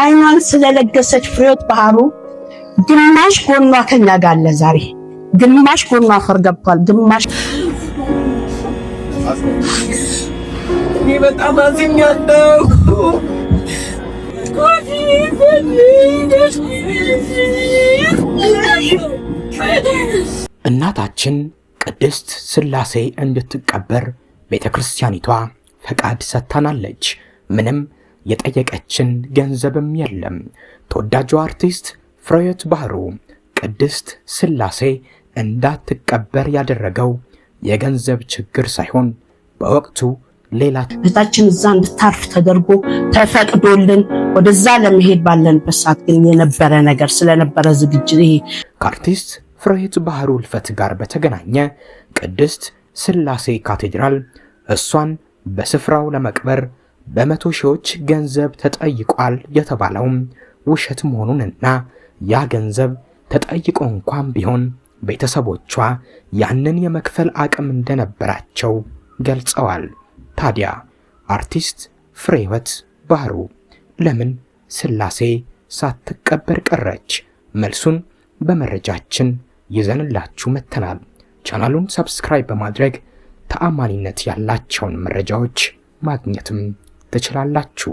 አይኗን ስለለገሰች ፍሬወት ባህሩ ግማሽ ጎኗ ከኛ ጋር አለ ዛሬ፣ ግማሽ ጎኗ አፈር ገብቷል። ግማሽ እኔ በጣም አዝኛለሁ። እናታችን ቅድስት ስላሴ እንድትቀበር ቤተ ክርስቲያኒቷ ፈቃድ ሰጥታናለች። ምንም የጠየቀችን ገንዘብም የለም። ተወዳጇ አርቲስት ፍሬሕይወት ባህሩ ቅድስት ስላሴ እንዳትቀበር ያደረገው የገንዘብ ችግር ሳይሆን በወቅቱ ሌላ እህታችን እዛ እንድታርፍ ተደርጎ ተፈቅዶልን ወደዛ ለመሄድ ባለንበት ሰዓት ግን የነበረ ነገር ስለነበረ ዝግጅት ይሄ ከአርቲስት ፍሬሕይወት ባህሩ ልፈት ጋር በተገናኘ ቅድስት ስላሴ ካቴድራል እሷን በስፍራው ለመቅበር በመቶ ሺዎች ገንዘብ ተጠይቋል የተባለውም ውሸት መሆኑንና ያ ገንዘብ ተጠይቆ እንኳን ቢሆን ቤተሰቦቿ ያንን የመክፈል አቅም እንደነበራቸው ገልጸዋል። ታዲያ አርቲስት ፍሬህይወት ባህሩ ለምን ስላሴ ሳትቀበር ቀረች? መልሱን በመረጃችን ይዘንላችሁ መጥተናል። ቻናሉን ሰብስክራይብ በማድረግ ተአማኒነት ያላቸውን መረጃዎች ማግኘትም ትችላላችሁ።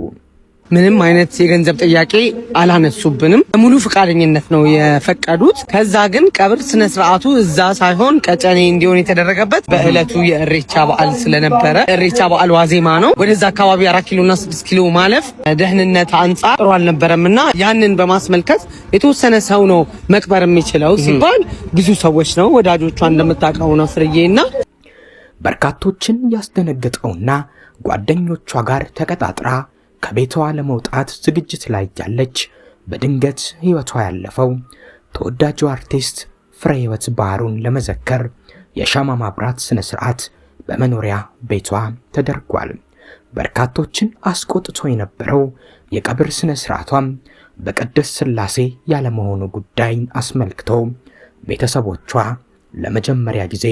ምንም አይነት የገንዘብ ጥያቄ አላነሱብንም። ሙሉ ፈቃደኝነት ነው የፈቀዱት። ከዛ ግን ቀብር ስነ ስርዓቱ እዛ ሳይሆን ቀጨኔ እንዲሆን የተደረገበት በእለቱ የእሬቻ በዓል ስለነበረ እሬቻ በዓል ዋዜማ ነው። ወደዛ አካባቢ አራት ኪሎና ስድስት ኪሎ ማለፍ ደህንነት አንጻር ጥሩ አልነበረም እና ያንን በማስመልከት የተወሰነ ሰው ነው መቅበር የሚችለው ሲባል ብዙ ሰዎች ነው ወዳጆቿ እንደምታውቀው ነው ስርዬ እና በርካቶችን ያስደነገጠውና ጓደኞቿ ጋር ተቀጣጥራ ከቤቷ ለመውጣት ዝግጅት ላይ ያለች በድንገት ሕይወቷ ያለፈው ተወዳጁ አርቲስት ፍሬ ባህሩን ለመዘከር የሻማ ማብራት ስነ ስርዓት በመኖሪያ ቤቷ ተደርጓል። በርካቶችን አስቆጥቶ የነበረው የቀብር ሥነ ሥርዓቷም በቅድስት ሥላሴ ያለመሆኑ ጉዳይ አስመልክቶ ቤተሰቦቿ ለመጀመሪያ ጊዜ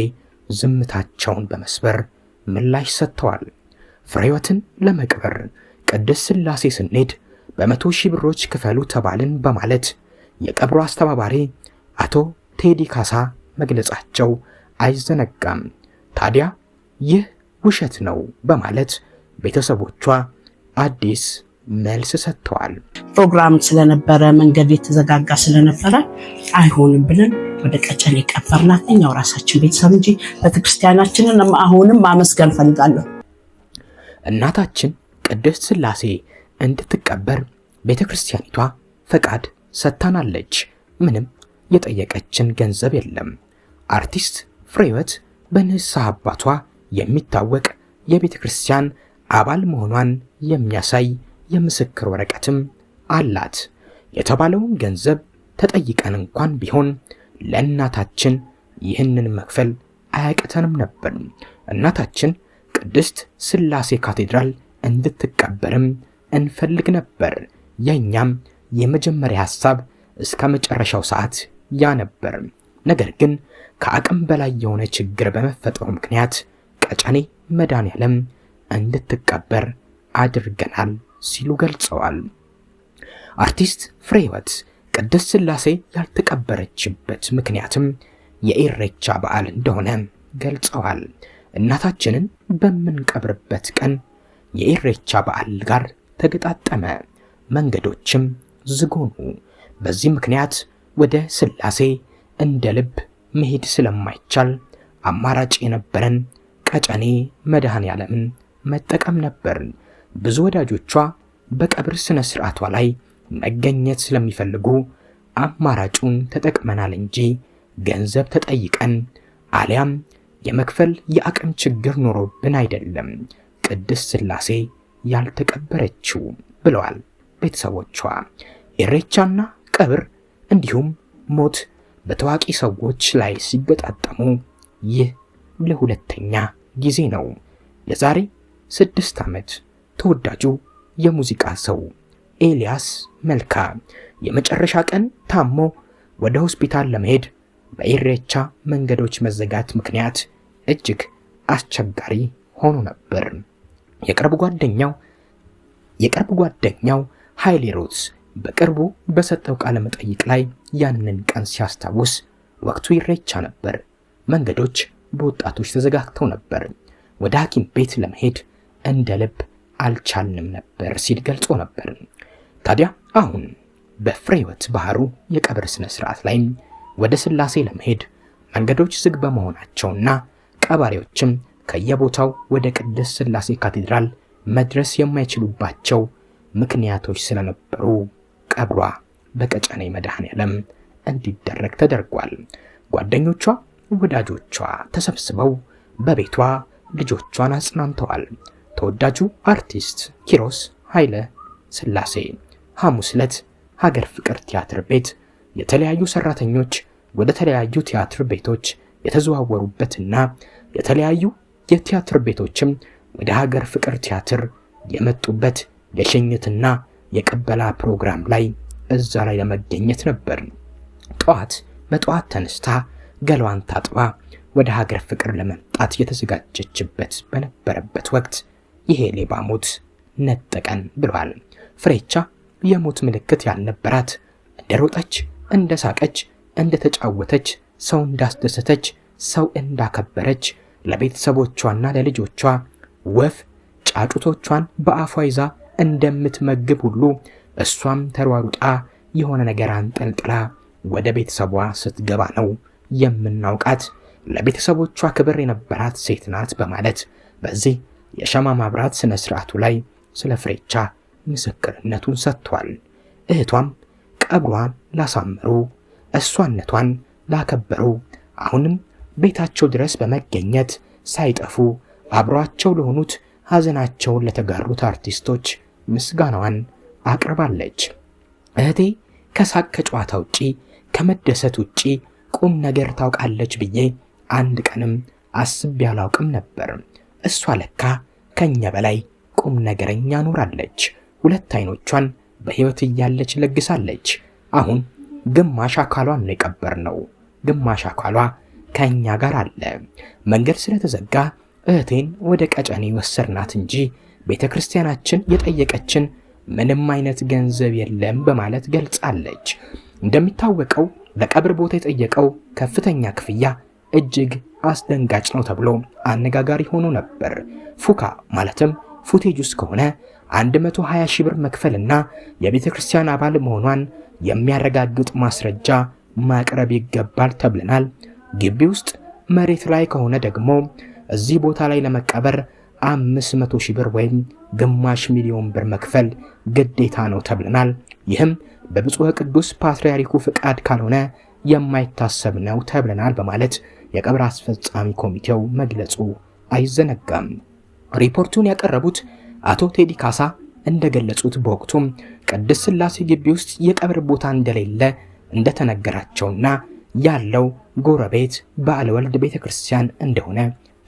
ዝምታቸውን በመስበር ምላሽ ሰጥተዋል። ፍሬወትን ለመቅበር ቅድስት ሥላሴ ስንሄድ በመቶ ሺህ ብሮች ክፈሉ ተባልን በማለት የቀብሩ አስተባባሪ አቶ ቴዲ ካሳ መግለጻቸው አይዘነጋም። ታዲያ ይህ ውሸት ነው በማለት ቤተሰቦቿ አዲስ መልስ ሰጥተዋል። ፕሮግራም ስለነበረ መንገድ የተዘጋጋ ስለነበረ አይሆንም ብለን ወደ ቀጨኔ የቀበርናት እኛው ራሳችን ቤተሰብ እንጂ ቤተክርስቲያናችንን አሁንም ማመስገን ፈልጋለሁ። እናታችን ቅድስት ስላሴ እንድትቀበር ቤተ ክርስቲያኒቷ ፈቃድ ሰጥታናለች። ምንም የጠየቀችን ገንዘብ የለም። አርቲስት ፍሬህይወት በንስሐ አባቷ የሚታወቅ የቤተ ክርስቲያን አባል መሆኗን የሚያሳይ የምስክር ወረቀትም አላት። የተባለውን ገንዘብ ተጠይቀን እንኳን ቢሆን ለእናታችን ይህንን መክፈል አያቅተንም ነበር። እናታችን ቅድስት ስላሴ ካቴድራል እንድትቀበርም እንፈልግ ነበር። የእኛም የመጀመሪያ ሐሳብ እስከ መጨረሻው ሰዓት ያ ነበር። ነገር ግን ከአቅም በላይ የሆነ ችግር በመፈጠሩ ምክንያት ቀጨኔ መድኃኔዓለም እንድትቀበር አድርገናል ሲሉ ገልጸዋል። አርቲስት ፍሬህይወት ቅድስት ሥላሴ ያልተቀበረችበት ምክንያትም የኢሬቻ በዓል እንደሆነ ገልጸዋል። እናታችንን በምንቀብርበት ቀን የኢሬቻ በዓል ጋር ተገጣጠመ፣ መንገዶችም ዝጎኑ። በዚህ ምክንያት ወደ ሥላሴ እንደ ልብ መሄድ ስለማይቻል አማራጭ የነበረን ቀጨኔ መድኃኔ ዓለምን መጠቀም ነበር። ብዙ ወዳጆቿ በቀብር ስነ ስርዓቷ ላይ መገኘት ስለሚፈልጉ አማራጩን ተጠቅመናል እንጂ ገንዘብ ተጠይቀን አሊያም የመክፈል የአቅም ችግር ኖሮብን አይደለም ቅድስት ሥላሴ ያልተቀበረችው ብለዋል ቤተሰቦቿ። ኢሬቻና ቀብር እንዲሁም ሞት በታዋቂ ሰዎች ላይ ሲገጣጠሙ ይህ ለሁለተኛ ጊዜ ነው። የዛሬ ስድስት ዓመት ተወዳጁ የሙዚቃ ሰው ኤልያስ መልካ የመጨረሻ ቀን ታሞ ወደ ሆስፒታል ለመሄድ በኢሬቻ መንገዶች መዘጋት ምክንያት እጅግ አስቸጋሪ ሆኖ ነበር። የቅርብ ጓደኛው የቅርብ ጓደኛው ኃይሌ ሮዝ በቅርቡ በሰጠው ቃለ መጠይቅ ላይ ያንን ቀን ሲያስታውስ ወቅቱ ኢሬቻ ነበር። መንገዶች በወጣቶች ተዘጋግተው ነበር። ወደ ሐኪም ቤት ለመሄድ እንደ ልብ አልቻልንም ነበር ሲል ገልጾ ነበር። ታዲያ አሁን በፍሬወት ባህሩ የቀብር ስነ ስርዓት ላይም ወደ ስላሴ ለመሄድ መንገዶች ዝግ በመሆናቸውና ቀባሪዎችም ከየቦታው ወደ ቅድስት ስላሴ ካቴድራል መድረስ የማይችሉባቸው ምክንያቶች ስለነበሩ ቀብሯ በቀጨኔ መድኃኔዓለም እንዲደረግ ተደርጓል። ጓደኞቿ፣ ወዳጆቿ ተሰብስበው በቤቷ ልጆቿን አጽናንተዋል። ተወዳጁ አርቲስት ኪሮስ ኃይለ ስላሴ። ሐሙስ ዕለት ሀገር ፍቅር ቲያትር ቤት የተለያዩ ሰራተኞች ወደ ተለያዩ ቲያትር ቤቶች የተዘዋወሩበትና የተለያዩ የቲያትር ቤቶችም ወደ ሀገር ፍቅር ቲያትር የመጡበት የሽኝትና የቅበላ ፕሮግራም ላይ እዛ ላይ ለመገኘት ነበር። ጠዋት በጠዋት ተነስታ ገሏን ታጥባ ወደ ሀገር ፍቅር ለመምጣት የተዘጋጀችበት በነበረበት ወቅት ይሄ ሌባ ሞት ነጠቀን ብሏል ፍሬቻ የሞት ምልክት ያልነበራት እንደሮጠች፣ እንደሳቀች፣ እንደተጫወተች፣ ሰው እንዳስደሰተች፣ ሰው እንዳከበረች ለቤተሰቦቿና ለልጆቿ ወፍ ጫጩቶቿን በአፏ ይዛ እንደምትመግብ ሁሉ እሷም ተሯሩጣ የሆነ ነገር አንጠልጥላ ወደ ቤተሰቧ ስትገባ ነው የምናውቃት። ለቤተሰቦቿ ክብር የነበራት ሴት ናት በማለት በዚህ የሻማ ማብራት ሥነ ሥርዓቱ ላይ ስለ ፍሬቻ ምስክርነቱን ሰጥቷል። እህቷም ቀብሯን ላሳመሩ፣ እሷነቷን ላከበሩ፣ አሁንም ቤታቸው ድረስ በመገኘት ሳይጠፉ አብሯቸው ለሆኑት ሐዘናቸውን ለተጋሩት አርቲስቶች ምስጋናዋን አቅርባለች። እህቴ ከሳቅ ከጨዋታ ውጪ ከመደሰት ውጪ ቁም ነገር ታውቃለች ብዬ አንድ ቀንም አስቤ አላውቅም ነበር። እሷ ለካ ከእኛ በላይ ቁም ነገረኛ ኖራለች። ሁለት አይኖቿን በሕይወት እያለች ለግሳለች። አሁን ግማሽ አካሏን ነው የቀበርነው። ግማሽ አካሏ ከእኛ ጋር አለ። መንገድ ስለተዘጋ እህቴን ወደ ቀጨኔ ወሰድናት እንጂ ቤተ ክርስቲያናችን የጠየቀችን ምንም አይነት ገንዘብ የለም በማለት ገልጻለች። እንደሚታወቀው ለቀብር ቦታ የጠየቀው ከፍተኛ ክፍያ እጅግ አስደንጋጭ ነው ተብሎ አነጋጋሪ ሆኖ ነበር። ፉካ ማለትም ፉቴጅ ውስጥ ከሆነ 120 ሺህ ብር መክፈልና የቤተ ክርስቲያን አባል መሆኗን የሚያረጋግጥ ማስረጃ ማቅረብ ይገባል ተብለናል። ግቢ ውስጥ መሬት ላይ ከሆነ ደግሞ እዚህ ቦታ ላይ ለመቀበር 500 ሺህ ብር ወይም ግማሽ ሚሊዮን ብር መክፈል ግዴታ ነው ተብለናል። ይህም በብፁዕ ቅዱስ ፓትርያርኩ ፍቃድ ካልሆነ የማይታሰብ ነው ተብለናል በማለት የቀብር አስፈጻሚ ኮሚቴው መግለጹ አይዘነጋም። ሪፖርቱን ያቀረቡት አቶ ቴዲ ካሳ እንደገለጹት በወቅቱም ቅድስት ሥላሴ ግቢ ውስጥ የቀብር ቦታ እንደሌለ እንደተነገራቸውና ያለው ጎረቤት ባለወልድ ቤተ ክርስቲያን እንደሆነ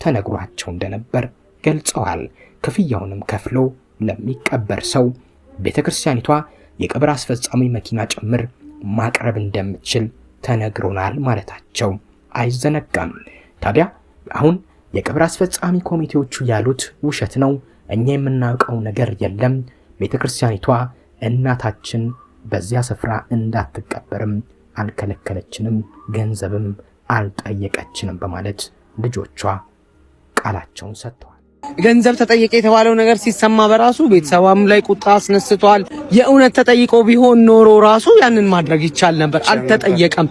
ተነግሯቸው እንደነበር ገልጸዋል። ክፍያውንም ከፍሎ ለሚቀበር ሰው ቤተ ክርስቲያኒቷ የቀብር አስፈጻሚ መኪና ጭምር ማቅረብ እንደምችል ተነግሮናል ማለታቸው አይዘነጋም። ታዲያ አሁን የቀብር አስፈጻሚ ኮሚቴዎቹ ያሉት ውሸት ነው፣ እኛ የምናውቀው ነገር የለም፣ ቤተ ክርስቲያኒቷ እናታችን በዚያ ስፍራ እንዳትቀበርም አልከለከለችንም፣ ገንዘብም አልጠየቀችንም በማለት ልጆቿ ቃላቸውን ሰጥተዋል። ገንዘብ ተጠየቀ የተባለው ነገር ሲሰማ በራሱ ቤተሰባም ላይ ቁጣ አስነስቷል። የእውነት ተጠይቆ ቢሆን ኖሮ ራሱ ያንን ማድረግ ይቻል ነበር። አልተጠየቀም።